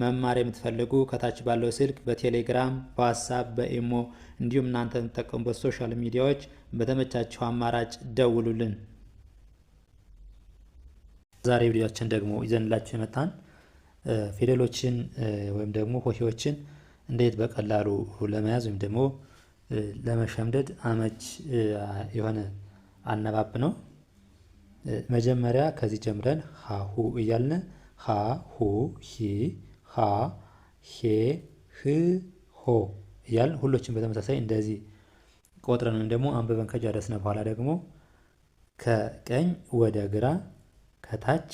መማር የምትፈልጉ ከታች ባለው ስልክ በቴሌግራም በዋትሳፕ በኢሞ እንዲሁም እናንተ የምትጠቀሙበት ሶሻል ሚዲያዎች በተመቻቸው አማራጭ ደውሉልን። ዛሬ ቪዲዮችን ደግሞ ይዘንላችሁ የመጣን ፊደሎችን ወይም ደግሞ ሆሄዎችን እንዴት በቀላሉ ለመያዝ ወይም ደግሞ ለመሸምደድ አመች የሆነ አነባብ ነው። መጀመሪያ ከዚህ ጀምረን ሀሁ እያልን ሀ ሁ ሂ ሃ ሄ ህ ሆ እያል ሁሎችን በተመሳሳይ እንደዚህ ቆጥረን ወይም ደግሞ አንብበን ከጨረስን በኋላ ደግሞ ከቀኝ ወደ ግራ ከታች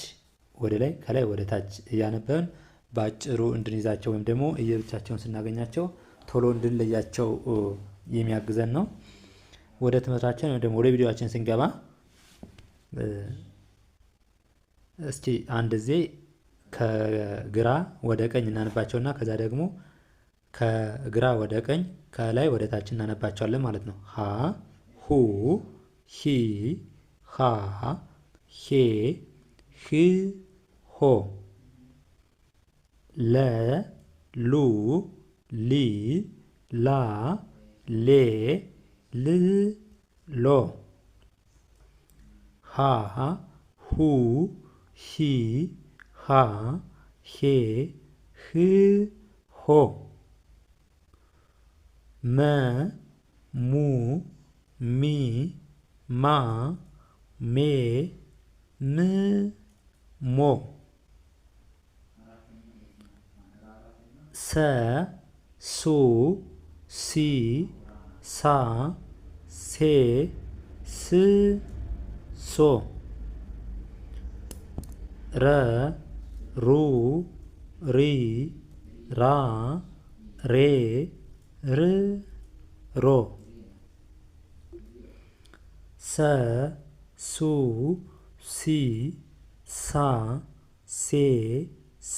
ወደ ላይ ከላይ ወደ ታች እያነበብን በአጭሩ እንድንይዛቸው ወይም ደግሞ እየብቻቸውን ስናገኛቸው ቶሎ እንድንለያቸው የሚያግዘን ነው። ወደ ትምህርታችን ወይም ደግሞ ወደ ቪዲዮችን ስንገባ እስኪ አንድ ዜ ከግራ ወደ ቀኝ እናነባቸውና ከዛ ደግሞ ከግራ ወደ ቀኝ ከላይ ወደ ታች እናነባቸዋለን ማለት ነው። ሀ ሁ ሂ ሃ ሄ ህ ሆ ለ ሉ ሊ ላ ሌ ል ሎ ሀ ሁ ሂ ሃ ሄ ህ ሆ መ ሙ ሚ ማ ሜ ን ሞ ሰ ሱ ሲ ሳ ሴ ስ ሶ ረ रु रि रा रे र रो स सु सी सा से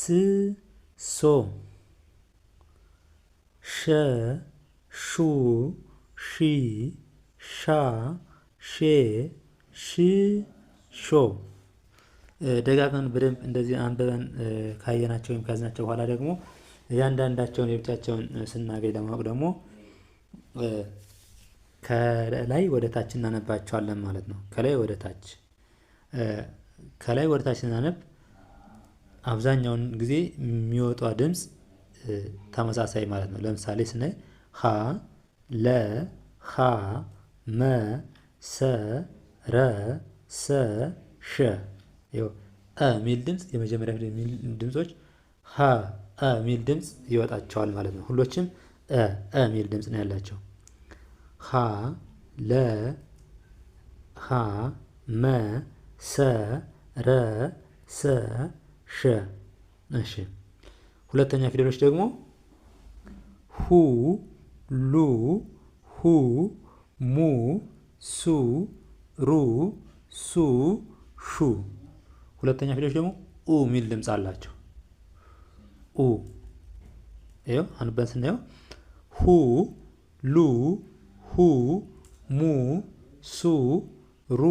स सो श शु शी शा शे शी शो ደጋግመን በደንብ እንደዚህ አንበበን ካየናቸው ወይም ካዝናቸው በኋላ ደግሞ እያንዳንዳቸውን የብቻቸውን ስናገኝ ለማወቅ ደግሞ ከላይ ወደ ታች እናነባቸዋለን ማለት ነው። ከላይ ወደ ታች ከላይ ወደ ታች ስናነብ አብዛኛውን ጊዜ የሚወጧ ድምፅ ተመሳሳይ ማለት ነው። ለምሳሌ ስናይ ሀ ለ ሀ መ ሰ ረ ሰ ሸ አ ሚል ድምፅ የመጀመሪያ ፊደል የሚል ድምፆች ሀ አ ሚል ድምፅ ይወጣቸዋል ማለት ነው። ሁሎችም አ አ ሚል ድምፅ ነው ያላቸው። ሀ ለ ሀ መ ሰ ረ ሰ ሸ። እሺ ሁለተኛ ፊደሎች ደግሞ ሁ ሉ ሁ ሙ ሱ ሩ ሱ ሹ ሁለተኛ ፊደሎች ደግሞ ኡ ሚል ድምፅ አላቸው። ኡ ይኸው አንበን ስናየው ሁ ሉ ሁ ሙ ሱ ሩ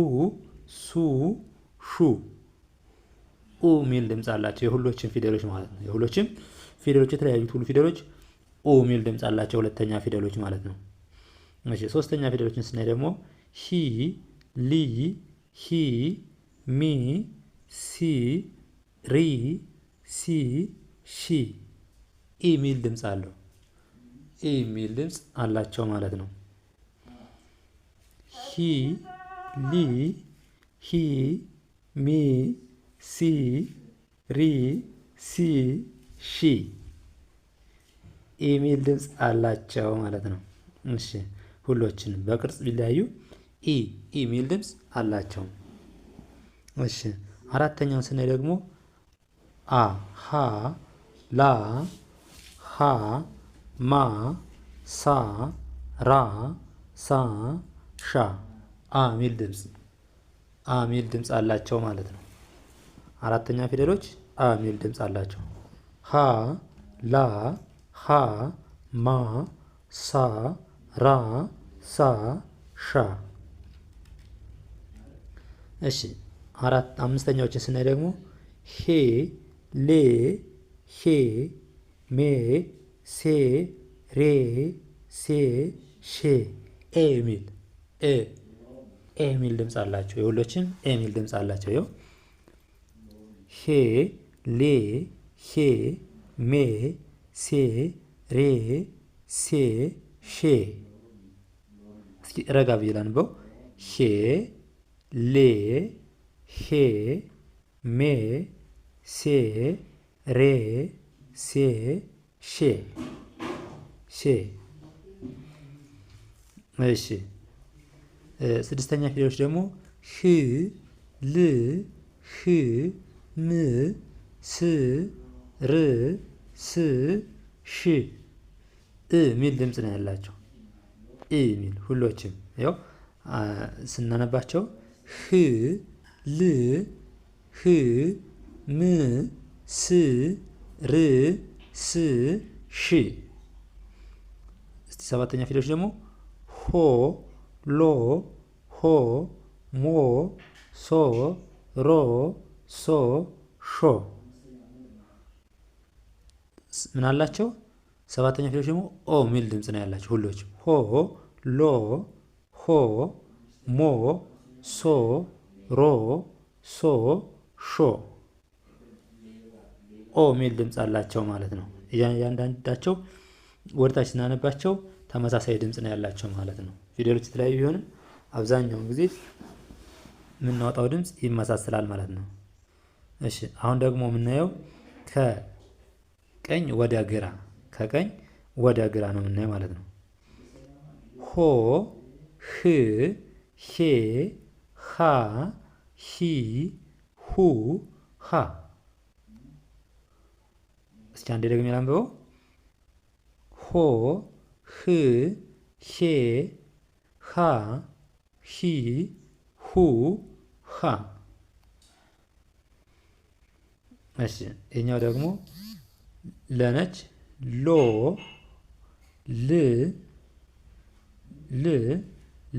ሱ ሹ ኡ ሚል ድምፅ አላቸው። የሁሎችም ፊደሎች ማለት ነው። የሁሎችም ፊደሎች የተለያዩት ሁሉ ፊደሎች ኡ ሚል ድምፅ አላቸው። ሁለተኛ ፊደሎች ማለት ነው። እሺ ሶስተኛ ፊደሎችን ስናይ ደግሞ ሂ ሊ ሂ ሚ ሲ ሪ ሲ ሺ የሚል ድምፅ አለው። የሚል ድምፅ አላቸው ማለት ነው። ሂ ሊ ሂ ሚ ሲ ሪ ሲ ሺ የሚል ድምፅ አላቸው ማለት ነው። እሺ ሁሎችን በቅርጽ ቢለያዩ ኢ የሚል ድምፅ አላቸው። እሺ አራተኛውን ስናይ ደግሞ አ ሀ ላ ሀ ማ ሳ ራ ሳ ሻ አ ሚል ድምፅ አ ሚል ድምፅ አላቸው ማለት ነው። አራተኛ ፊደሎች አ ሚል ድምፅ አላቸው። ሀ ላ ሀ ማ ሳ ራ ሳ ሻ። እሺ አራት አምስተኛዎችን ስናይ ደግሞ ሄ ሌ ሄ ሜ ሴ ሬ ሴ ሼ ኤ የሚል ኤ ኤ የሚል ድምፅ አላቸው። የሁሎችም ኤ የሚል ድምፅ አላቸው። ይኸው ሄ ሌ ሄ ሜ ሴ ሬ ሴ ሼ። እስኪ ረጋ ብዬ ላንበው ሄ ሌ ሄ ሜ ሴ ሬ ሴ ሼ ሼ። እሺ ስድስተኛ ፊደሎች ደግሞ ህ ል ህ ም ስ ር ስ ሽ እ ሚል ድምፅ ነው ያላቸው። እ ሚል ሁሎችም ያው ስናነባቸው ህ ል ህ ም ስ ር ስ ሽ። እስቲ ሰባተኛ ፊደሎች ደግሞ ሆ ሎ ሆ ሞ ሶ ሮ ሶ ሾ ምን አላቸው? ሰባተኛ ፊደሎች ደግሞ ኦ የሚል ድምፅ ነው ያላቸው ሁሎች ሆ ሎ ሆ ሞ ሶ ሮ ሶ ሾ ኦ የሚል ድምፅ አላቸው ማለት ነው። እያንዳንዳቸው ወደታች ስናነባቸው ተመሳሳይ ድምፅ ነው ያላቸው ማለት ነው። ፊደሎች የተለያዩ ቢሆንም አብዛኛውን ጊዜ የምናወጣው ድምፅ ይመሳሰላል ማለት ነው። እሺ አሁን ደግሞ የምናየው ከቀኝ ወደ ግራ ከቀኝ ወደ ግራ ነው የምናየው ማለት ነው። ሆ ህ ሄ ሃ ሂ ሁ ሃ። እስቲ አንዴ ደግሞ ላንብበው። ሆ ህ ሄ ሃ ሂ ሁ ሃ። እሺ የኛው ደግሞ ለነች ሎ ል ል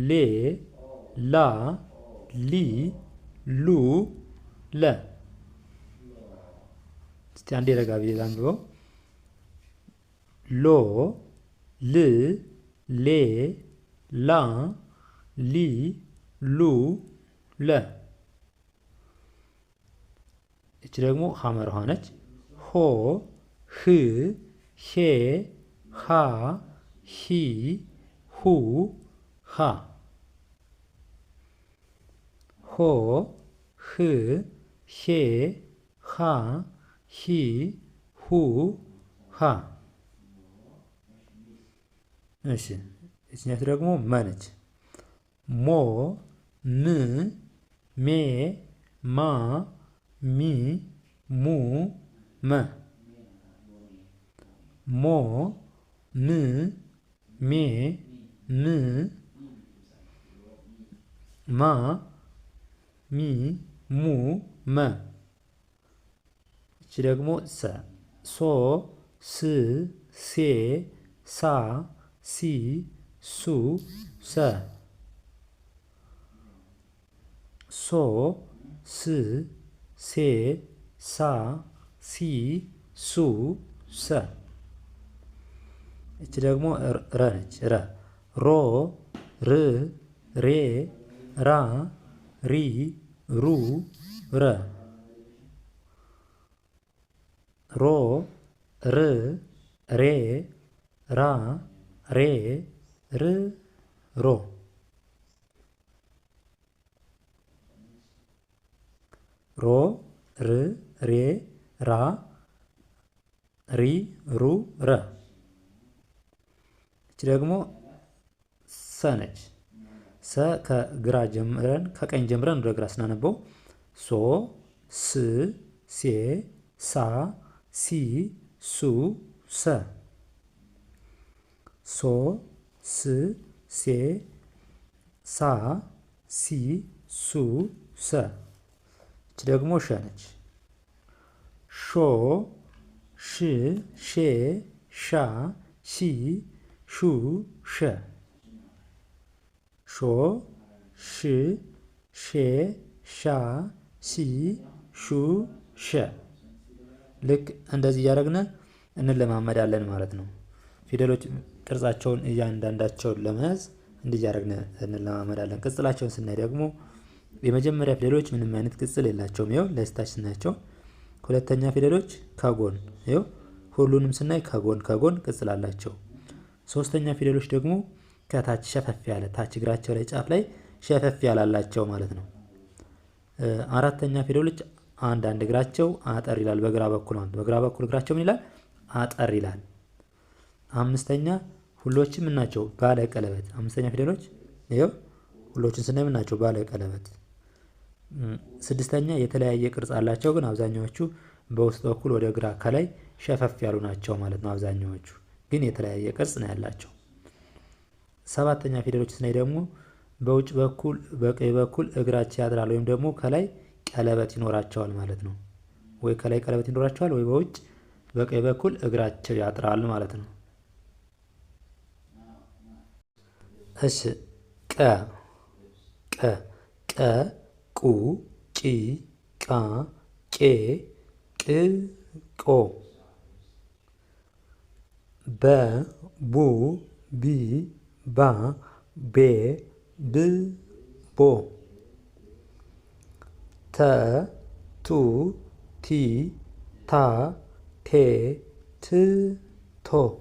ሌ ላ ሊ ሉ ለ እስቲ አንዴ ረጋ ብዬ ላንብበው። ሎ ል ሌ ላ ሊ ሉ ለ እች ደግሞ ሐመር ሆነች። ሆ ህ ሄ ሃ ሂ ሁ ሃ ሆ ህ ሄ ሃ ሂ ሁ ሃ። እሺ እችኛት ደግሞ መነች። ሞ ም ሜ ማ ሚ ሙ መ ሞ ም ሜ ም ማ ሚ ሙ መ እቺ ደግሞ ሰ ሶ ስ ሴ ሳ ሲ ሱ ሰ ሶ ስ ሴ ሳ ሲ ሱ ሰ እቺ ደግሞ ረ ነች ረ ሮ ር ሬ ራ ሪ ሩ ረ ሮ ር ሬ ራ ሬ ር ሮ ሮ ር ሬ ራ ሪ ሩ ረ እች ደግሞ ሰነች ሰ ከግራ ጀምረን ከቀኝ ጀምረን ወደ ግራ ስናነበው ሶ ስ ሴ ሳ ሲ ሱ ሰ ሶ ስ ሴ ሳ ሲ ሱ ሰ እች ደግሞ ሸ ነች። ሾ ሽ ሼ ሻ ሺ ሹ ሸ ሾ ሽ ሼ ሻ ሲ ሹ ሸ ልክ እንደዚህ እያደረግን እንለማመዳለን ማለት ነው። ፊደሎች ቅርጻቸውን እያንዳንዳቸውን ለመያዝ እንዲህ እያደረግን እንለማመዳለን። ቅጽላቸውን ስናይ ደግሞ የመጀመሪያ ፊደሎች ምንም አይነት ቅጽል የላቸውም። ይኸው ለስታች ስናያቸው ሁለተኛ ፊደሎች ከጎን ይኸው ሁሉንም ስናይ ከጎን ከጎን ቅጽል አላቸው። ሶስተኛ ፊደሎች ደግሞ ከታች ሸፈፍ ያለ ታች እግራቸው ላይ ጫፍ ላይ ሸፈፍ ያላላቸው ማለት ነው። አራተኛ ፊደሎች አንዳንድ እግራቸው አጠር ይላል። በግራ በኩል ማለት በግራ በኩል እግራቸው ምን ይላል? አጠር ይላል። አምስተኛ ሁሎችም ምናቸው ባለ ቀለበት። አምስተኛ ፊደሎች ይኸው ሁሎችን ስናይ ምናቸው ባለ ቀለበት። ስድስተኛ የተለያየ ቅርጽ አላቸው፣ ግን አብዛኛዎቹ በውስጥ በኩል ወደ ግራ ከላይ ሸፈፍ ያሉ ናቸው ማለት ነው። አብዛኛዎቹ ግን የተለያየ ቅርጽ ነው ያላቸው። ሰባተኛ ፊደሎች ስናይ ደግሞ በውጭ በኩል በቀኝ በኩል እግራቸው ያድራል ወይም ደግሞ ከላይ ቀለበት ይኖራቸዋል ማለት ነው። ወይ ከላይ ቀለበት ይኖራቸዋል ወይ በውጭ በቀኝ በኩል እግራቸው ያጥራል ማለት ነው። እሺ ቀ ቀ ቀ ቁ ጪ ቃ ቄ ቅ ቆ በ ቡ ቢ 바, 베, 르, 보 타, 투, 티, 타, 테, 트, 토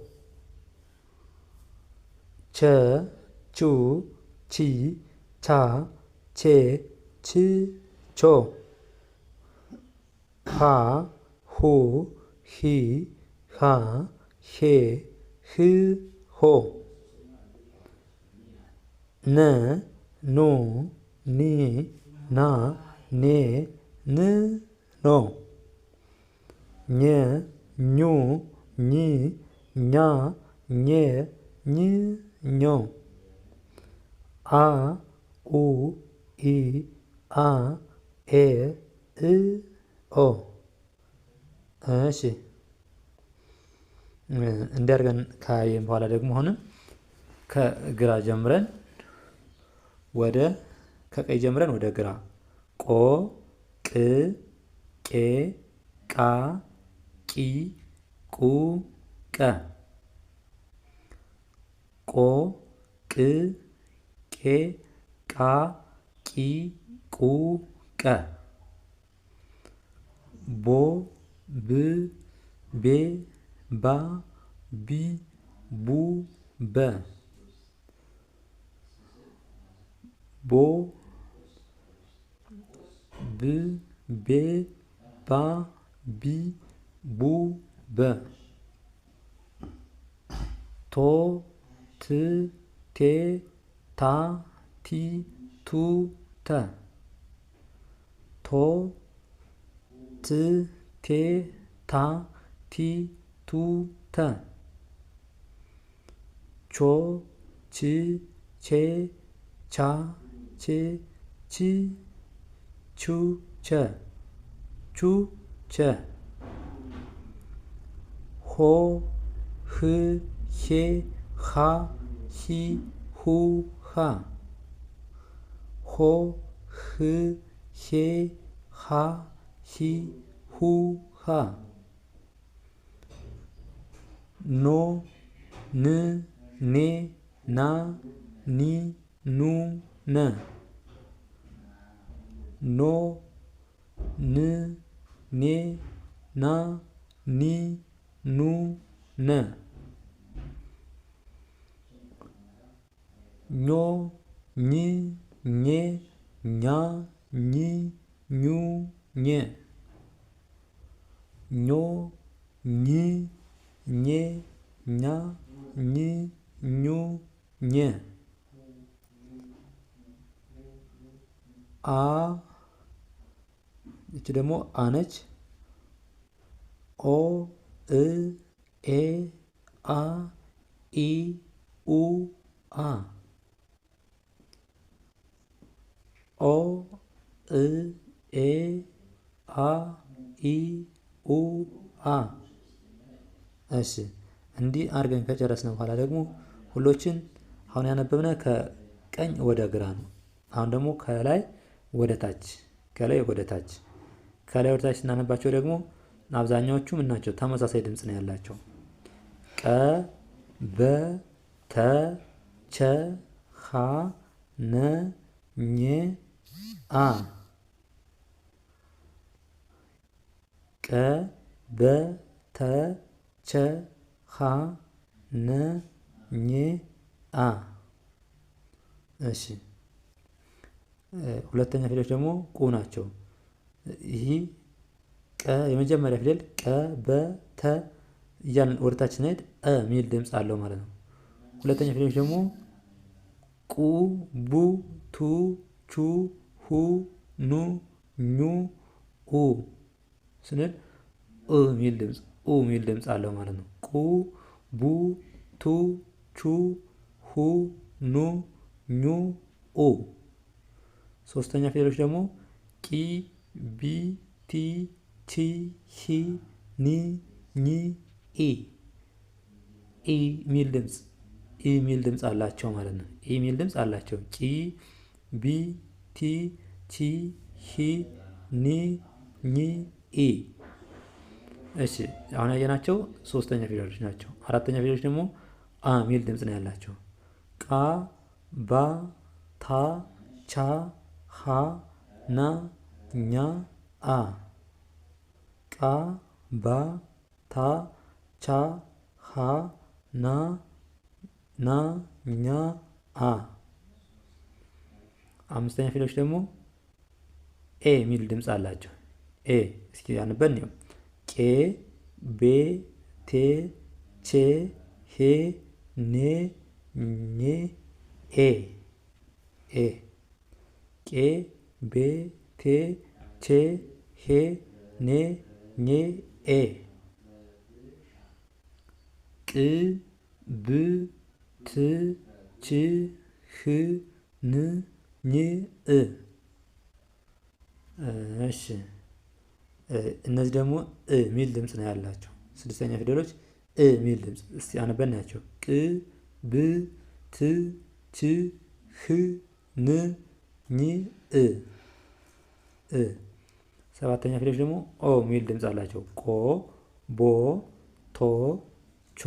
저, 주, 지, 자, 제, 치, 조 하, 호, 히, 하, 해, 흐, 호 ን ኑ ኒ ና ኔ ን ኖ ኘ ኙ ኚ ኛ ኘ ኝ ኞ አ ኡ ኢ አ ኤ እ ኦ እሺ እንዲያርገን ካየን በኋላ ደግሞ አሁንም ከግራ ጀምረን ወደ ከቀይ ጀምረን ወደ ግራ ቆ ቅ ቄ ቃ ቂ ቁ ቀ ቆ ቅ ቄ ቃ ቂ ቁ ቀ ቦ ብ ቤ ባ ቢ ቡ በ ቦ ብ ቤ ባ ቢ ቡ በ ቶ ት ቴ ታ ቲ ቱ ተ ቶ ት ቴ ታ ቲ ቱ ተ ቾ ቺ ቼ ቻ 지, 지, 주제, 주제. 호, 흐, 히, 하, 히, 후, 하. 호, 흐, 히, 하, 히, 후, 하. 노, 느, 네, 나, 니, 누, n no n ne na ni nu n nhô nhi nhé nhá nhi nhu nhé nhô nhi nhé nhá nhi nhu nhé አ ይቺ ደግሞ አነች ኦ እ ኤ አ ኢ ኡ አ ኦ እ ኤ አ ኢ ኡ አ እሺ እንዲህ አድርገን ከጨረስን በኋላ ደግሞ ሁሎችን አሁን ያነበብነ ከቀኝ ወደ ግራ ነው። አሁን ደግሞ ከላይ ወደ ታች፣ ከላይ ወደ ታች፣ ከላይ ወደታች ታች ስናነባቸው ደግሞ አብዛኛዎቹ ምን ናቸው? ተመሳሳይ ድምፅ ነው ያላቸው። ቀ በ ተ ቸ ሀ ነ ኘ አ ቀ በ ተ ቸ ሀ ነ ኘ አ እሺ ሁለተኛ ፊደሎች ደግሞ ቁ ናቸው። ይህ ቀ የመጀመሪያ ፊደል ቀ በ ተ እያልን ወደታች ስንሄድ እ የሚል ድምፅ አለው ማለት ነው። ሁለተኛ ፊደሎች ደግሞ ቁ ቡ ቱ ቹ ሁ ኑ ኙ ኡ ስንል እ የሚል ድምፅ ኡ የሚል ድምፅ አለው ማለት ነው። ቁ ቡ ቱ ቹ ሁ ኑ ኙ ኡ ሶስተኛ ፊደሎች ደግሞ ቂ፣ ቢ፣ ቲ፣ ቺ፣ ሂ፣ ኒ፣ ኒ፣ ኢ ሚል ድምፅ ሚል ድምፅ አላቸው ማለት ነው። ሚል ድምፅ አላቸው። ቂ፣ ቢ፣ ቲ፣ ቺ፣ ሂ፣ ኒ፣ ኒ፣ ኢ እሺ አሁን ያየናቸው ሶስተኛ ፊደሎች ናቸው። አራተኛ ፊደሎች ደግሞ አ ሚል ድምፅ ነው ያላቸው። ቃ፣ ባ፣ ታ፣ ቻ ሀ ና ኛ አ ቃ ባ ታ ቻ ሀ ና ና ኛ አ አምስተኛ ፊደሎች ደግሞ ኤ የሚል ድምፅ አላቸው። ኤ እስኪ ያንበት ነው። ቄ ቤ ቴ ቼ ሄ ኔ ኜ ኤ ኤ ቄ ቤ ቴ ቼ ሄ ኔ ኜ ኤ ቅ ብ ት ች ህ ን ኝ እ እሺ እነዚህ ደግሞ እ ሚል ድምጽ ነው ያላቸው ስድስተኛ ፊደሎች እ ሚል ድምጽ እስቲ አነበን ናቸው ቅ ብ ት ች ህ ን ኝ እ እ ሰባተኛ ፊደሎች ደግሞ ኦ የሚል ድምፅ አላቸው። ቆ፣ ቦ፣ ቶ፣ ቾ፣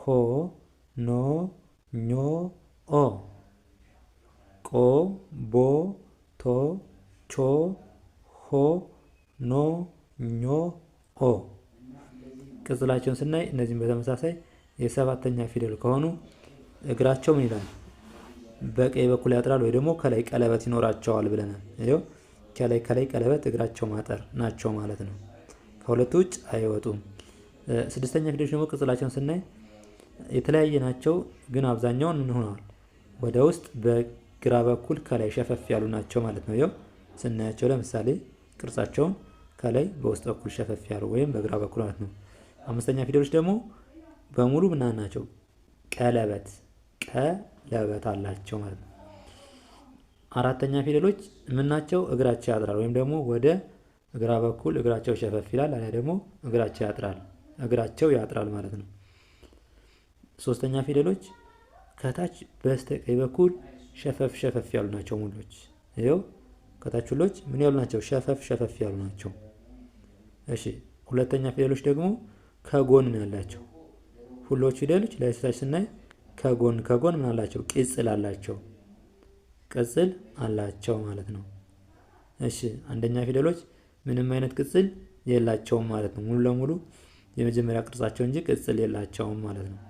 ሆ፣ ኖ፣ ኞ፣ ኦ። ቆ፣ ቦ፣ ቶ፣ ቾ፣ ሆ፣ ኖ፣ ኞ፣ ኦ። ቅጽላቸውን ስናይ እነዚህም በተመሳሳይ የሰባተኛ ፊደል ከሆኑ እግራቸው ምን ይላል? በቀኝ በኩል ያጥራል ወይ ደግሞ ከላይ ቀለበት ይኖራቸዋል ብለናል። ይኸው ከላይ ከላይ ቀለበት እግራቸው ማጠር ናቸው ማለት ነው። ከሁለቱ ውጭ አይወጡም። ስድስተኛ ፊደሎች ደግሞ ቅጽላቸውን ስናይ የተለያየ ናቸው፣ ግን አብዛኛውን ምን ሆነዋል? ወደ ውስጥ በግራ በኩል ከላይ ሸፈፍ ያሉ ናቸው ማለት ነው። ይኸው ስናያቸው ለምሳሌ ቅርጻቸውን ከላይ በውስጥ በኩል ሸፈፍ ያሉ ወይም በግራ በኩል ማለት ነው። አምስተኛ ፊደሎች ደግሞ በሙሉ ምናምን ናቸው ቀለበት ቀ ለበት አላቸው ማለት ነው። አራተኛ ፊደሎች ምናቸው እግራቸው ያጥራል ወይም ደግሞ ወደ እግራ በኩል እግራቸው ሸፈፍ ይላል፣ አሊያ ደግሞ እግራቸው ያጥራል እግራቸው ያጥራል ማለት ነው። ሶስተኛ ፊደሎች ከታች በስተቀኝ በኩል ሸፈፍ ሸፈፍ ያሉ ናቸው። ሙሎች ይኸው ከታች ሁሎች ምን ያሉ ናቸው? ሸፈፍ ሸፈፍ ያሉ ናቸው። እሺ ሁለተኛ ፊደሎች ደግሞ ከጎን ነው ያላቸው። ሁሎች ፊደሎች ለስታች ስናይ ከጎን ከጎን ምን አላቸው? ቅጽል አላቸው። ቅጽል አላቸው ማለት ነው። እሺ አንደኛ ፊደሎች ምንም አይነት ቅጽል የላቸውም ማለት ነው። ሙሉ ለሙሉ የመጀመሪያ ቅርጻቸው እንጂ ቅጽል የላቸውም ማለት ነው።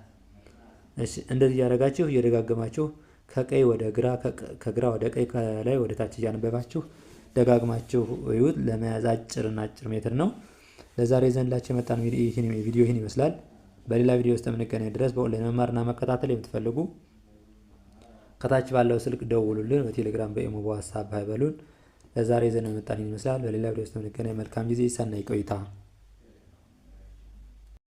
እሺ እንደዚህ እያደረጋችሁ እየደጋገማችሁ ከቀይ ወደ ግራ ከግራ ወደ ቀይ ከላይ ወደ ታች እያነበባችሁ ደጋግማችሁ ይሁት ለመያዝ አጭርና አጭር ሜትር ነው። ለዛሬ ዘንላችሁ የመጣን ቪዲዮ ይህን ይመስላል። በሌላ ቪዲዮ ውስጥ የምንገናኝ ድረስ መማርና መከታተል የምትፈልጉ ከታች ባለው ስልክ ደውሉልን። በቴሌግራም በኢሞ በዋትሳፕ ሀይበሉን። ለዛሬ ዘና መጣን ይመስላል። በሌላ ቪዲዮ ውስጥ የምንገናኝ መልካም ጊዜ፣ ሰናይ ቆይታ